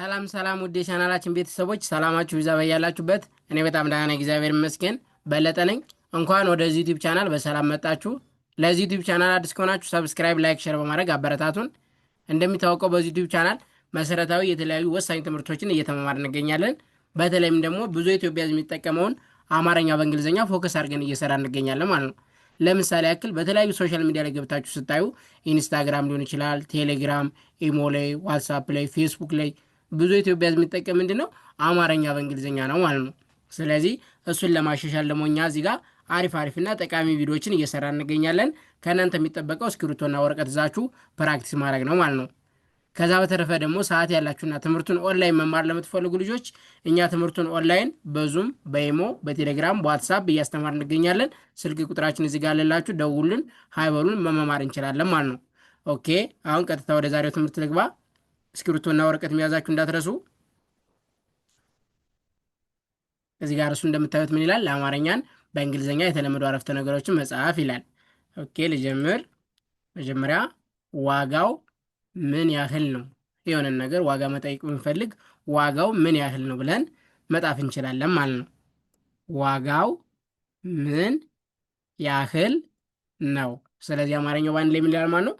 ሰላም ሰላም ውድ የቻናላችን ቤተሰቦች ሰላማችሁ ይዛ በያላችሁበት። እኔ በጣም ደህና ነኝ፣ እግዚአብሔር ይመስገን። በለጠ ነኝ። እንኳን ወደዚህ ዩቲብ ቻናል በሰላም መጣችሁ። ለዚህ ዩቲብ ቻናል አዲስ ከሆናችሁ ሰብስክራይብ፣ ላይክ፣ ሸር በማድረግ አበረታቱን። እንደሚታወቀው በዚህ ዩቲብ ቻናል መሰረታዊ የተለያዩ ወሳኝ ትምህርቶችን እየተመማር እንገኛለን። በተለይም ደግሞ ብዙ ኢትዮጵያ የሚጠቀመውን አማርኛ በእንግሊዝኛ ፎከስ አድርገን እየሰራ እንገኛለን ማለት ነው። ለምሳሌ ያክል በተለያዩ ሶሻል ሚዲያ ላይ ገብታችሁ ስታዩ ኢንስታግራም ሊሆን ይችላል፣ ቴሌግራም፣ ኢሞ ላይ፣ ዋትሳፕ ላይ፣ ፌስቡክ ላይ ብዙ ኢትዮጵያ የሚጠቀም ምንድን ነው አማርኛ በእንግሊዝኛ ነው ማለት ነው። ስለዚህ እሱን ለማሻሻል ደግሞ እኛ እዚህ ጋር አሪፍ አሪፍና ጠቃሚ ቪዲዮዎችን እየሰራ እንገኛለን። ከእናንተ የሚጠበቀው እስክሪብቶና ወረቀት ይዛችሁ ፕራክቲስ ማድረግ ነው ማለት ነው። ከዛ በተረፈ ደግሞ ሰዓት ያላችሁና ትምህርቱን ኦንላይን መማር ለምትፈልጉ ልጆች እኛ ትምህርቱን ኦንላይን በዙም በኢሞ በቴሌግራም በዋትሳፕ እያስተማር እንገኛለን። ስልክ ቁጥራችን እዚህ ጋር አለላችሁ። ደውሉን፣ ሀይበሉን መመማር እንችላለን ማለት ነው። ኦኬ አሁን ቀጥታ ወደ ዛሬው ትምህርት ልግባ። እስክሪቶና ወረቀት መያዛችሁ እንዳትረሱ። እዚህ ጋር እሱ እንደምታዩት ምን ይላል? ለአማርኛን በእንግሊዝኛ የተለመዱ አረፍተ ነገሮችን መጽሐፍ ይላል። ኦኬ ልጀምር። መጀመሪያ ዋጋው ምን ያህል ነው? የሆነን ነገር ዋጋ መጠየቅ ብንፈልግ ዋጋው ምን ያህል ነው ብለን መጣፍ እንችላለን ማለት ነው። ዋጋው ምን ያህል ነው። ስለዚህ አማርኛው በአንድ ላይ ምን ይላል ማለት ነው?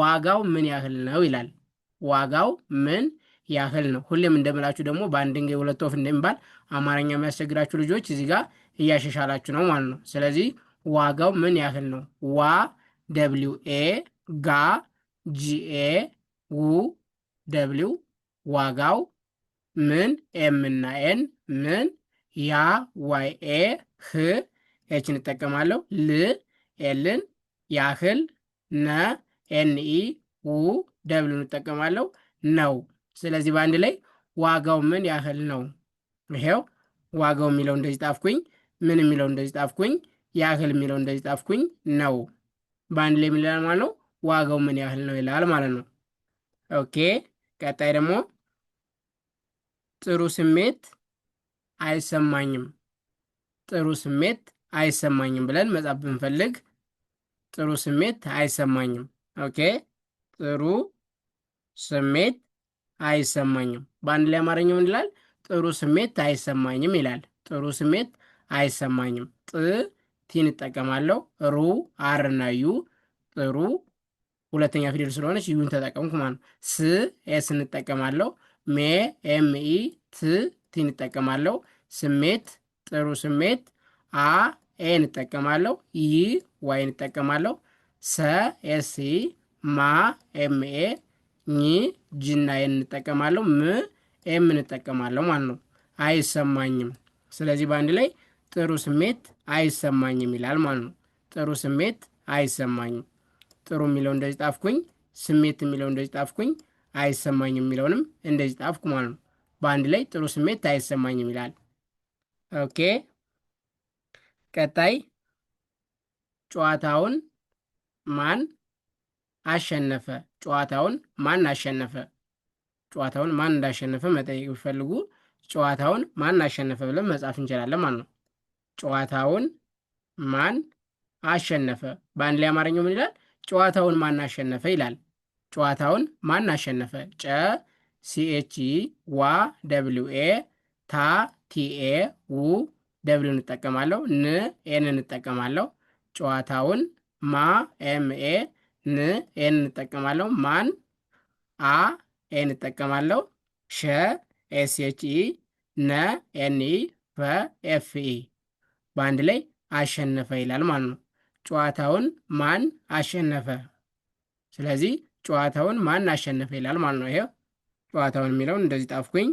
ዋጋው ምን ያህል ነው ይላል። ዋጋው ምን ያህል ነው? ሁሌም እንደምላችሁ ደግሞ በአንድ ድንጋይ ሁለት ወፍ እንደሚባል አማርኛ የሚያስቸግራችሁ ልጆች እዚህ ጋር እያሻሻላችሁ ነው ማለት ነው። ስለዚህ ዋጋው ምን ያህል ነው? ዋ ደብሊው ኤ ጋ ጂኤ ው ደብሊው ዋጋው ምን ኤም እና ኤን ምን ያ ዋይ ኤ ህ ኤች እንጠቀማለሁ ል ኤልን ያህል ነ ኤን ኢ ው ደብል እንጠቀማለው ነው። ስለዚህ በአንድ ላይ ዋጋው ምን ያህል ነው? ይሄው ዋጋው የሚለው እንደዚህ ጣፍኩኝ፣ ምን የሚለው እንደዚህ ጣፍኩኝ፣ ያህል የሚለው እንደዚህ ጣፍኩኝ፣ ነው በአንድ ላይ የሚል ማለት ነው። ዋጋው ምን ያህል ነው ይላል ማለት ነው። ኦኬ ቀጣይ ደግሞ ጥሩ ስሜት አይሰማኝም፣ ጥሩ ስሜት አይሰማኝም ብለን መጻፍ ብንፈልግ ጥሩ ስሜት አይሰማኝም። ኦኬ ጥሩ ስሜት አይሰማኝም። በአንድ ላይ አማርኛው ምን ይላል? ጥሩ ስሜት አይሰማኝም ይላል። ጥሩ ስሜት አይሰማኝም። ጥ ቲን እጠቀማለሁ። ሩ አር እና ዩ ጥሩ ሁለተኛ ፊደል ስለሆነች ዩን ተጠቀምኩ ማለት ነው። ስ ኤስ እንጠቀማለሁ። ሜ ኤም ኢ ት ቲን እጠቀማለሁ። ስሜት ጥሩ ስሜት አ ኤ እንጠቀማለሁ። ይ ዋይ እንጠቀማለሁ። ሰ ኤስ ኢ ማ ኤምኤ ኝ ጅና እንጠቀማለሁ ም ኤም እንጠቀማለሁ ማለት ነው። አይሰማኝም። ስለዚህ በአንድ ላይ ጥሩ ስሜት አይሰማኝም ይላል ማለት ነው። ጥሩ ስሜት አይሰማኝም። ጥሩ የሚለው እንደዚህ ጣፍኩኝ፣ ስሜት የሚለው እንደዚህ ጣፍኩኝ፣ አይሰማኝም የሚለውንም እንደዚህ ጣፍኩ ማለት ነው። በአንድ ላይ ጥሩ ስሜት አይሰማኝም ይላል። ኦኬ። ቀጣይ ጨዋታውን ማን አሸነፈ? ጨዋታውን ማን አሸነፈ? ጨዋታውን ማን እንዳሸነፈ መጠየቅ ቢፈልጉ ጨዋታውን ማን አሸነፈ ብለን መጻፍ እንችላለን ማለት ነው። ጨዋታውን ማን አሸነፈ? በአንድ ላይ አማርኛው ምን ይላል? ጨዋታውን ማን አሸነፈ ይላል። ጨዋታውን ማን አሸነፈ? ጨ ሲኤች ዋ ደብሊው ኤ ታ ቲኤ ው ደብሊው እንጠቀማለሁ። ን ኤን እንጠቀማለሁ። ጨዋታውን ማ ኤምኤ ን ኤን እንጠቀማለሁ። ማን አ ኤን እንጠቀማለሁ። ሸ ኤስ ኤች ኢ ነ ኤን ኢ ፈ ኤፍ ኢ በአንድ ላይ አሸነፈ ይላል ማለት ነው። ጨዋታውን ማን አሸነፈ? ስለዚህ ጨዋታውን ማን አሸነፈ ይላል ማለት ነው። ይሄው ጨዋታውን የሚለውን እንደዚህ ጣፍኩኝ፣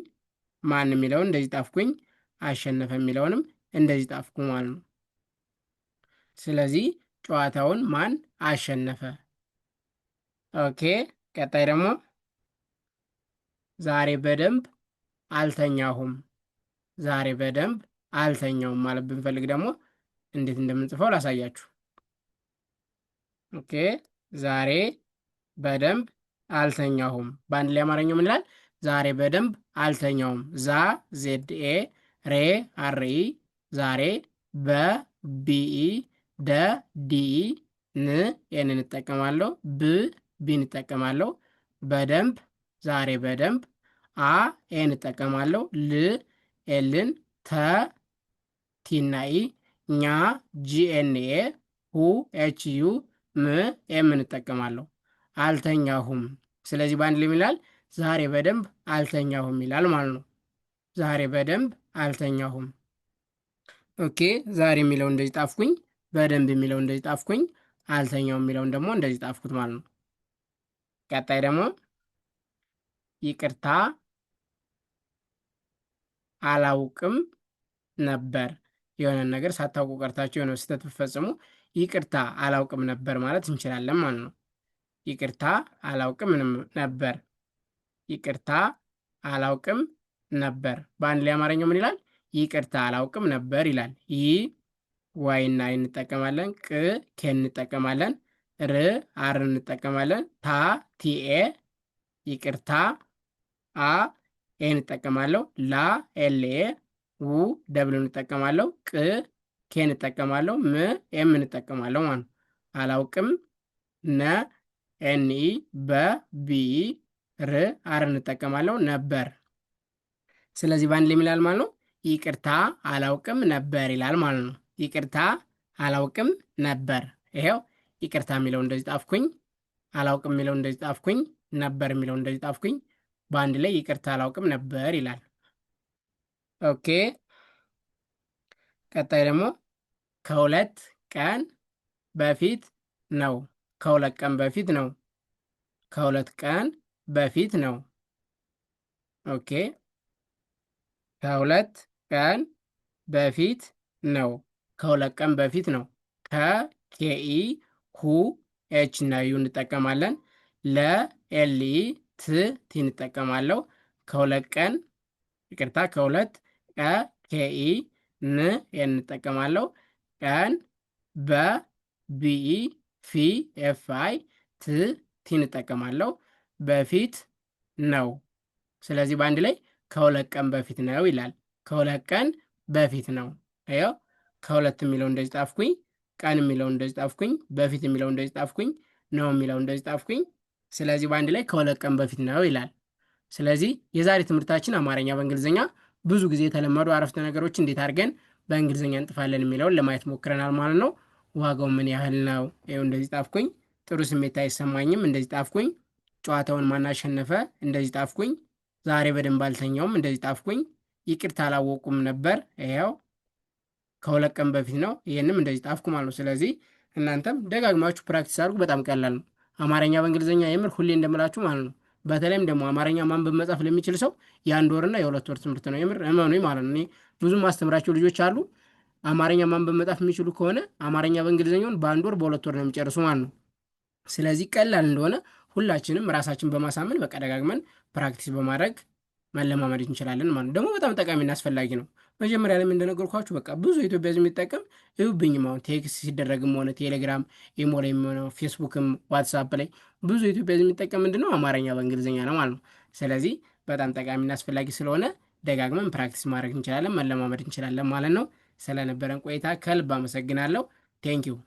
ማን የሚለውን እንደዚህ ጣፍኩኝ፣ አሸነፈ የሚለውንም እንደዚህ ጣፍኩ ማለት ነው። ስለዚህ ጨዋታውን ማን አሸነፈ ኦኬ ቀጣይ ደግሞ ዛሬ በደንብ አልተኛሁም። ዛሬ በደንብ አልተኛውም ማለት ብንፈልግ ደግሞ እንዴት እንደምንጽፈው ላሳያችሁ። ኦኬ ዛሬ በደንብ አልተኛሁም በአንድ ላይ አማርኛው ምን ይላል? ዛሬ በደንብ አልተኛውም። ዛ ኤ ሬ አርኢ፣ ዛሬ በ ቢኢ፣ ደ ዲኢ፣ ን ኤን እንጠቀማለሁ ብ ቢን እጠቀማለሁ። በደንብ ዛሬ በደንብ አ ኤን እጠቀማለሁ። ል ኤልን፣ ተ ቲና ኢ፣ ኛ ጂኤንኤ፣ ሁ ኤች ዩ፣ ም ኤምን እጠቀማለሁ። አልተኛሁም። ስለዚህ በአንድ ላይ ይላል ዛሬ በደንብ አልተኛሁም ይላል ማለት ነው። ዛሬ በደንብ አልተኛሁም። ኦኬ ዛሬ የሚለው እንደዚህ ጣፍኩኝ፣ በደንብ የሚለው እንደዚህ ጣፍኩኝ፣ አልተኛው የሚለውን ደግሞ እንደዚህ ጣፍኩት ማለት ነው። ቀጣይ ደግሞ ይቅርታ አላውቅም ነበር። የሆነን ነገር ሳታውቁ ቀርታችሁ የሆነ ስህተት ብፈጽሙ ይቅርታ አላውቅም ነበር ማለት እንችላለን ማለት ነው። ይቅርታ አላውቅም ነበር፣ ይቅርታ አላውቅም ነበር። በአንድ ላይ አማርኛው ምን ይላል? ይቅርታ አላውቅም ነበር ይላል። ይ ዋይና እንጠቀማለን፣ ቅ ኬ እንጠቀማለን። ር አር እንጠቀማለን። ታ ቲኤ ይቅርታ አ ኤ እንጠቀማለሁ። ላ ኤልኤ ው ደብል እንጠቀማለሁ። ቅ ኬ እንጠቀማለሁ። ም ኤም እንጠቀማለሁ ማለት ነው። አላውቅም ነ ኤንኢ በ ር አር እንጠቀማለሁ። ነበር ስለዚህ በአንድ ላይ የሚላል ማለት ነው። ይቅርታ አላውቅም ነበር ይላል ማለት ነው። ይቅርታ አላውቅም ነበር ይሄው ይቅርታ የሚለው እንደዚህ ጣፍኩኝ፣ አላውቅም የሚለው እንደዚህ ጣፍኩኝ፣ ነበር የሚለው እንደዚህ ጣፍኩኝ። በአንድ ላይ ይቅርታ አላውቅም ነበር ይላል። ኦኬ። ቀጣይ ደግሞ ከሁለት ቀን በፊት ነው። ከሁለት ቀን በፊት ነው። ከሁለት ቀን በፊት ነው። ኦኬ። ከሁለት ቀን በፊት ነው። ከሁለት ቀን በፊት ነው። ከኬኢ ሁ ኤች እና ዩ እንጠቀማለን። ለኤል ኢ ት ቲ እንጠቀማለው። ከሁለት ቀን ይቅርታ፣ ከሁለት ቀ ኬኢ ን ኤን ቀን በ ፊ ኤፍ አይ ት ቲ እንጠቀማለው። በፊት ነው። ስለዚህ በአንድ ላይ ከሁለት ቀን በፊት ነው ይላል። ከሁለት ቀን በፊት ነው። ከሁለት የሚለው እንደዚህ ጣፍኩኝ። ቀን የሚለው እንደዚህ ጣፍኩኝ፣ በፊት የሚለው እንደዚህ ጣፍኩኝ፣ ነው የሚለው እንደዚህ ጣፍኩኝ። ስለዚህ በአንድ ላይ ከሁለት ቀን በፊት ነው ይላል። ስለዚህ የዛሬ ትምህርታችን አማርኛ በእንግሊዝኛ ብዙ ጊዜ የተለመዱ አረፍተ ነገሮች እንዴት አድርገን በእንግሊዝኛ እንጥፋለን የሚለውን ለማየት ሞክረናል ማለት ነው። ዋጋው ምን ያህል ነው? ይኸው እንደዚህ ጣፍኩኝ፣ ጥሩ ስሜት አይሰማኝም፣ እንደዚህ ጣፍኩኝ፣ ጨዋታውን ማናሸነፈ፣ እንደዚህ ጣፍኩኝ፣ ዛሬ በደንብ አልተኛውም፣ እንደዚህ ጣፍኩኝ፣ ይቅርታ አላወቁም ነበር፣ ይኸው ከሁለት ቀን በፊት ነው። ይህንም እንደዚህ ጣፍኩ ማለት ነው። ስለዚህ እናንተም ደጋግማችሁ ፕራክቲስ አድርጉ። በጣም ቀላል ነው። አማርኛ በእንግሊዝኛ የምር ሁሌ እንደምላችሁ ማለት ነው። በተለይም ደግሞ አማርኛ ማንበብ መጻፍ ለሚችል ሰው የአንድ ወርና የሁለት ወር ትምህርት ነው። የምር እመኑ ማለት ነው። ብዙ ማስተምራቸው ልጆች አሉ። አማርኛ ማንበብ መጻፍ የሚችሉ ከሆነ አማርኛ በእንግሊዝኛውን በአንድ ወር በሁለት ወር ነው የሚጨርሱ ማለት ነው። ስለዚህ ቀላል እንደሆነ ሁላችንም ራሳችን በማሳመን በቀደጋግመን ፕራክቲስ በማድረግ መለማመድ እንችላለን ማለት ነው። ደግሞ በጣም ጠቃሚና አስፈላጊ ነው። መጀመሪያ ላይ እንደነገርኳችሁ በቃ ብዙ ኢትዮጵያ ሕዝብ የሚጠቀም ይሁብኝም አሁን ቴክስት ሲደረግም ሆነ ቴሌግራም፣ ኢሞ ላይ የሚሆነ ፌስቡክም፣ ዋትሳፕ ላይ ብዙ ኢትዮጵያ ሕዝብ የሚጠቀም ምንድነው አማርኛ በእንግሊዝኛ ነው ማለት ነው። ስለዚህ በጣም ጠቃሚና አስፈላጊ ስለሆነ ደጋግመን ፕራክቲስ ማድረግ እንችላለን፣ መለማመድ እንችላለን ማለት ነው። ስለነበረን ቆይታ ከልብ አመሰግናለሁ። ቴንኪዩ